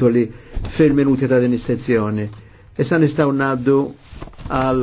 titoli fil-minuti ta' din is-sezzjoni. Issa nistgħu ngħaddu għal